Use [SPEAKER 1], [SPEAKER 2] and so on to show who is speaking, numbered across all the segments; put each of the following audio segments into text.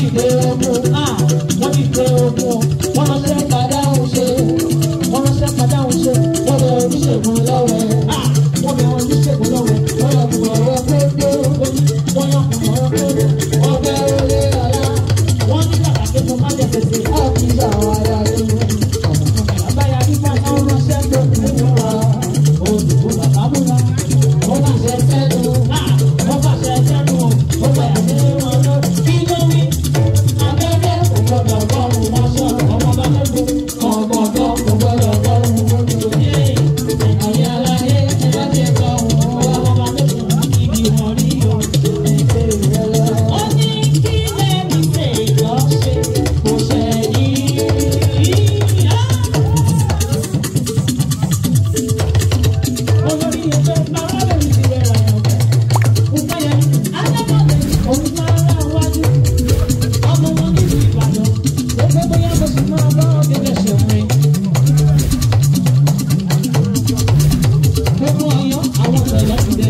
[SPEAKER 1] ti gbé ogun wọ́n ti gbé ogun ah, wọ́n lọ lẹ́yìn. Let me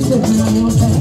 [SPEAKER 1] Gracias.